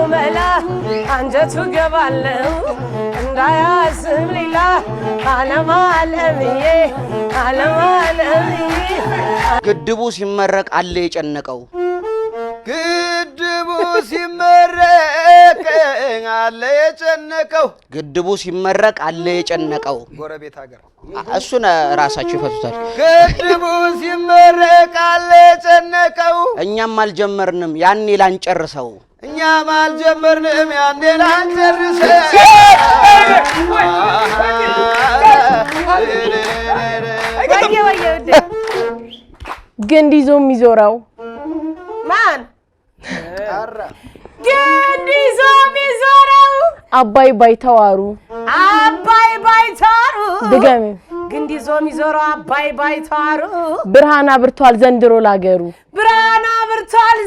እንዳያው መላ አንጀቱ ገባለው እንዳያስብ ሌላ አለማለምዬ አለማለምዬ ግድቡ ሲመረቅ አለ የጨነቀው ግድቡ ሲመረቅ አለ የጨነቀው ግድቡ ሲመረቅ አለ የጨነቀው ጎረቤት ሀገር እሱን ራሳቸው ይፈቱታል። ግድቡ ሲመረቅ አለ የጨነቀው እኛም አልጀመርንም ያኔ ላንጨርሰው እኛ ባልጀመርንም ያኔ ላንጨርስ ግንድ ይዞ የሚዞረው ማን? ግንድ ይዞ የሚዞረው አባይ ባይተዋሩ አባይ ባይተዋሩ ድገም። ግንድ ይዞ የሚዞረው አባይ ባይተዋሩ ብርሃን አብርቷል ዘንድሮ ላገሩ ብርሃን አብርቷል